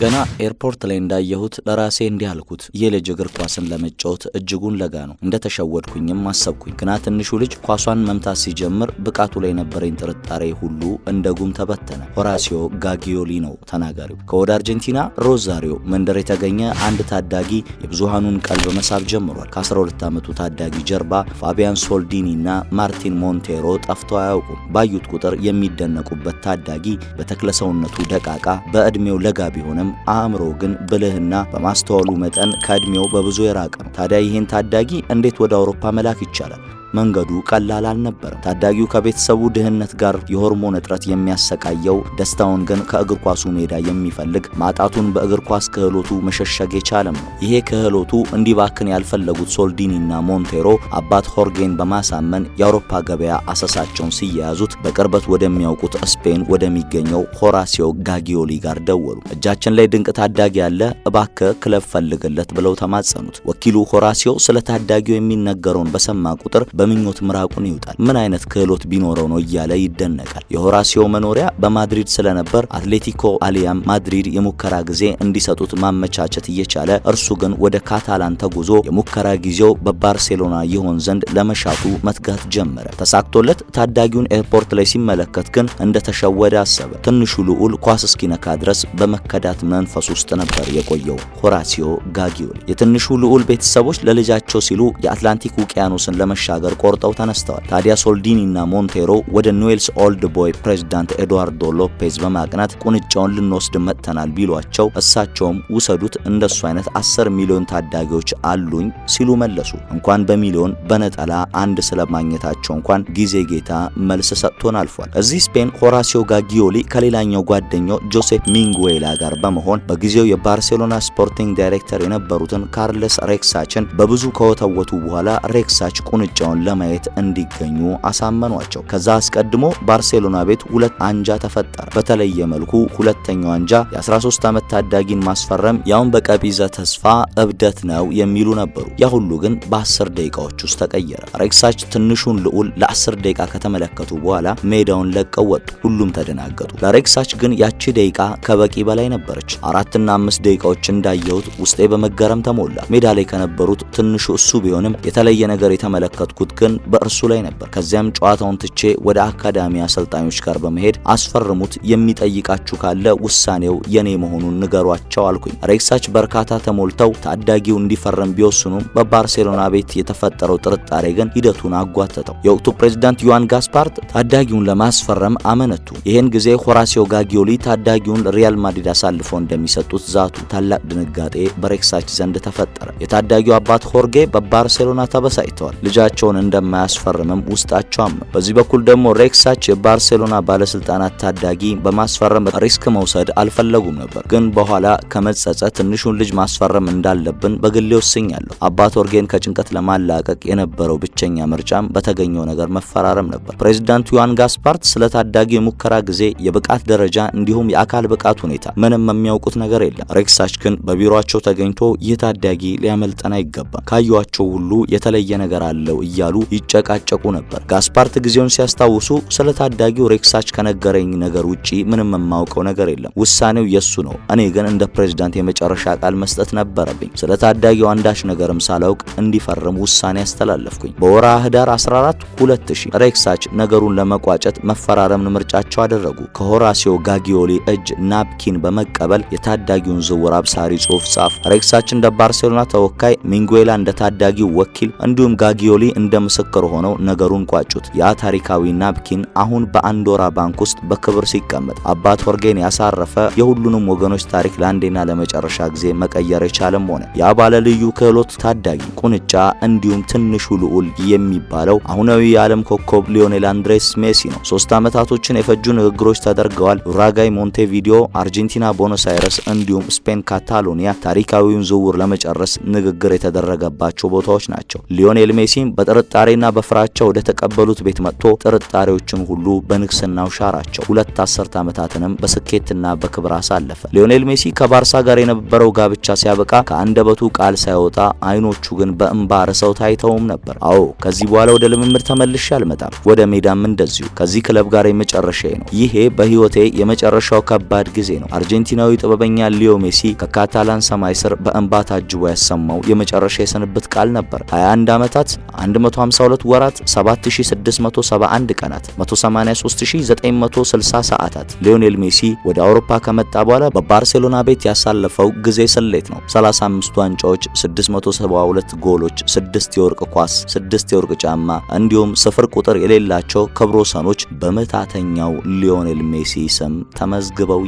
ገና ኤርፖርት ላይ እንዳየሁት ለራሴ እንዲህ አልኩት፣ እግር ኳስን ለመጫወት እጅጉን ለጋ ነው። እንደተሸወድኩኝም አሰብኩኝ። ግና ትንሹ ልጅ ኳሷን መምታት ሲጀምር ብቃቱ ላይ የነበረኝ ጥርጣሬ ሁሉ እንደ ጉም ተበተነ። ሆራሲዮ ጋጊዮሊ ነው ተናጋሪው። ከወደ አርጀንቲና ሮዛሪዮ መንደር የተገኘ አንድ ታዳጊ የብዙሃኑን ቀልብ መሳብ ጀምሯል። ከ12 ዓመቱ ታዳጊ ጀርባ ፋቢያን ሶልዲኒ እና ማርቲን ሞንቴሮ ጠፍተው አያውቁም። ባዩት ቁጥር የሚደነቁበት ታዳጊ በተክለሰውነቱ ደቃቃ፣ በዕድሜው ለጋ ቢሆነ ቢሆንም አእምሮ ግን ብልህና በማስተዋሉ መጠን ከዕድሜው በብዙ የራቀ ነው። ታዲያ ይህን ታዳጊ እንዴት ወደ አውሮፓ መላክ ይቻላል? መንገዱ ቀላል አልነበረም። ታዳጊው ከቤተሰቡ ድህነት ጋር የሆርሞን እጥረት የሚያሰቃየው ደስታውን ግን ከእግር ኳሱ ሜዳ የሚፈልግ ማጣቱን በእግር ኳስ ክህሎቱ መሸሸግ የቻለም ነው። ይሄ ክህሎቱ እንዲባክን ያልፈለጉት ሶልዲኒና ሞንቴሮ አባት ሆርጌን በማሳመን የአውሮፓ ገበያ አሰሳቸውን ሲያያዙት በቅርበት ወደሚያውቁት ስፔን ወደሚገኘው ሆራሲዮ ጋጊዮሊ ጋር ደወሉ። እጃችን ላይ ድንቅ ታዳጊ ያለ እባክ ክለብ ፈልግለት ብለው ተማጸኑት። ወኪሉ ሆራሲዮ ስለ ታዳጊው የሚነገረውን በሰማ ቁጥር በምኞት ምራቁን ይውጣል፣ ምን አይነት ክህሎት ቢኖረው ነው እያለ ይደነቃል። የሆራሲዮ መኖሪያ በማድሪድ ስለነበር አትሌቲኮ አሊያም ማድሪድ የሙከራ ጊዜ እንዲሰጡት ማመቻቸት እየቻለ እርሱ ግን ወደ ካታላን ተጉዞ የሙከራ ጊዜው በባርሴሎና ይሆን ዘንድ ለመሻቱ መትጋት ጀመረ። ተሳክቶለት ታዳጊውን ኤርፖርት ላይ ሲመለከት ግን እንደተሸወደ አሰበ። ትንሹ ልዑል ኳስ እስኪነካ ድረስ በመከዳት መንፈስ ውስጥ ነበር የቆየው። ሆራሲዮ ጋጊዮል የትንሹ ልዑል ቤተሰቦች ለልጃቸው ሲሉ የአትላንቲክ ውቅያኖስን ለመሻገር መስመር ቆርጠው ተነስተዋል። ታዲያ ሶልዲኒና ሞንቴሮ ወደ ኑዌልስ ኦልድ ቦይ ፕሬዚዳንት ኤድዋርዶ ሎፔዝ በማቅናት ቁንጫውን ልንወስድ መጥተናል ቢሏቸው እሳቸውም ውሰዱት እንደሱ አይነት 10 ሚሊዮን ታዳጊዎች አሉኝ ሲሉ መለሱ። እንኳን በሚሊዮን በነጠላ አንድ ስለማግኘታቸው እንኳን ጊዜ ጌታ መልስ ሰጥቶን አልፏል። እዚህ ስፔን ሆራሲዮ ጋጊዮሊ ከሌላኛው ጓደኛው ጆሴፕ ሚንጉዌላ ጋር በመሆን በጊዜው የባርሴሎና ስፖርቲንግ ዳይሬክተር የነበሩትን ካርለስ ሬክሳችን በብዙ ከወተወቱ በኋላ ሬክሳች ቁንጫውን ጨዋታውን ለማየት እንዲገኙ አሳመኗቸው። ከዛ አስቀድሞ ባርሴሎና ቤት ሁለት አንጃ ተፈጠረ። በተለየ መልኩ ሁለተኛው አንጃ የ13 ዓመት ታዳጊን ማስፈረም ያውን በቀቢዘ ተስፋ እብደት ነው የሚሉ ነበሩ። ያ ሁሉ ግን በ10 ደቂቃዎች ውስጥ ተቀየረ። ሬክሳች ትንሹን ልዑል ለ10 ደቂቃ ከተመለከቱ በኋላ ሜዳውን ለቀው ወጡ። ሁሉም ተደናገጡ። ለሬክሳች ግን ያቺ ደቂቃ ከበቂ በላይ ነበረች። አራትና አምስት ደቂቃዎች እንዳየሁት ውስጤ በመገረም ተሞላ። ሜዳ ላይ ከነበሩት ትንሹ እሱ ቢሆንም የተለየ ነገር የተመለከትኩት ያደረኩት ግን በእርሱ ላይ ነበር። ከዚያም ጨዋታውን ትቼ ወደ አካዳሚ አሰልጣኞች ጋር በመሄድ አስፈርሙት፣ የሚጠይቃችሁ ካለ ውሳኔው የኔ መሆኑን ንገሯቸው አልኩኝ። ሬክሳች በርካታ ተሞልተው ታዳጊው እንዲፈርም ቢወስኑም በባርሴሎና ቤት የተፈጠረው ጥርጣሬ ግን ሂደቱን አጓተተው። የወቅቱ ፕሬዝዳንት ዮሐን ጋስፓርት ታዳጊውን ለማስፈረም አመነቱ። ይህን ጊዜ ሆራሲዮ ጋጊዮሊ ታዳጊውን ሪያል ማድሪድ አሳልፎ እንደሚሰጡት ዛቱ። ታላቅ ድንጋጤ በሬክሳች ዘንድ ተፈጠረ። የታዳጊው አባት ሆርጌ በባርሴሎና ተበሳጭተዋል። ልጃቸውን እንደማያስፈርምም ውስጣቸው አመኑ። በዚህ በኩል ደግሞ ሬክሳች የባርሴሎና ባለስልጣናት ታዳጊ በማስፈረም ሪስክ መውሰድ አልፈለጉም ነበር፣ ግን በኋላ ከመጸጸት ትንሹን ልጅ ማስፈረም እንዳለብን በግሌ ወስኛለሁ። አባት ኦርጌን ከጭንቀት ለማላቀቅ የነበረው ብቸኛ ምርጫም በተገኘው ነገር መፈራረም ነበር። ፕሬዚዳንት ዮሐን ጋስፓርት ስለ ታዳጊ የሙከራ ጊዜ፣ የብቃት ደረጃ እንዲሁም የአካል ብቃት ሁኔታ ምንም የሚያውቁት ነገር የለም። ሬክሳች ግን በቢሮቸው ተገኝቶ ይህ ታዳጊ ሊያመልጠን አይገባም፣ ካዩዋቸው ሁሉ የተለየ ነገር አለው እያሉ እያሉ ይጨቃጨቁ ነበር። ጋስፓርት ጊዜውን ሲያስታውሱ ስለ ታዳጊው ሬክሳች ከነገረኝ ነገር ውጪ ምንም የማውቀው ነገር የለም። ውሳኔው የሱ ነው። እኔ ግን እንደ ፕሬዝዳንት የመጨረሻ ቃል መስጠት ነበረብኝ። ስለ ታዳጊው አንዳች ነገርም ሳላውቅ እንዲፈርም ውሳኔ አስተላለፍኩኝ። በወራ ህዳር 14 2000 ሬክሳች ነገሩን ለመቋጨት መፈራረምን ምርጫቸው አደረጉ። ከሆራሲዮ ጋጊዮሊ እጅ ናፕኪን በመቀበል የታዳጊውን ዝውውር አብሳሪ ጽሑፍ ጻፉ። ሬክሳች እንደ ባርሴሎና ተወካይ፣ ሚንጉዌላ እንደ ታዳጊው ወኪል እንዲሁም ጋጊዮሊ እንደ ምስክር ሆነው ነገሩን ቋጩት። ያ ታሪካዊ ናፕኪን አሁን በአንዶራ ባንክ ውስጥ በክብር ሲቀመጥ አባት ሆርጌን ያሳረፈ የሁሉንም ወገኖች ታሪክ ለአንዴና ለመጨረሻ ጊዜ መቀየር የቻለም ሆነ። ያ ባለልዩ ክህሎት ታዳጊ ቁንጫ እንዲሁም ትንሹ ልዑል የሚባለው አሁናዊ የዓለም ኮከብ ሊዮኔል አንድሬስ ሜሲ ነው። ሶስት ዓመታቶችን የፈጁ ንግግሮች ተደርገዋል። ኡራጋይ ሞንቴቪዲዮ፣ አርጀንቲና ቦኖስ አይረስ እንዲሁም ስፔን ካታሎኒያ ታሪካዊውን ዝውውር ለመጨረስ ንግግር የተደረገባቸው ቦታዎች ናቸው። ሊዮኔል ሜሲም በጥር በጥርጣሬና በፍራቻ ወደ ተቀበሉት ቤት መጥቶ ጥርጣሬዎችን ሁሉ በንግስናው ሻራቸው። ሁለት አስርት ዓመታትንም በስኬትና በክብር አሳለፈ። ሊዮኔል ሜሲ ከባርሳ ጋር የነበረው ጋብቻ ሲያበቃ ከአንደበቱ ቃል ሳይወጣ አይኖቹ ግን በእንባ ርሰው ታይተውም ነበር። አዎ ከዚህ በኋላ ወደ ልምምድ ተመልሼ አልመጣም፣ ወደ ሜዳም እንደዚሁ። ከዚህ ክለብ ጋር የመጨረሻዬ ነው። ይሄ በህይወቴ የመጨረሻው ከባድ ጊዜ ነው። አርጀንቲናዊ ጥበበኛ ሊዮ ሜሲ ከካታላን ሰማይ ስር በእንባ ታጅቦ ያሰማው የመጨረሻ የስንብት ቃል ነበር። 21 ዓመታት 152 ወራት 7671 ቀናት 183960 ሰዓታት ሊዮኔል ሜሲ ወደ አውሮፓ ከመጣ በኋላ በባርሴሎና ቤት ያሳለፈው ጊዜ ስሌት ነው። 35 ዋንጫዎች፣ 672 ጎሎች፣ 6 የወርቅ ኳስ፣ 6 የወርቅ ጫማ እንዲሁም ስፍር ቁጥር የሌላቸው ክብረ ወሰኖች በመታተኛው ሊዮኔል ሜሲ ስም ተመዝግበው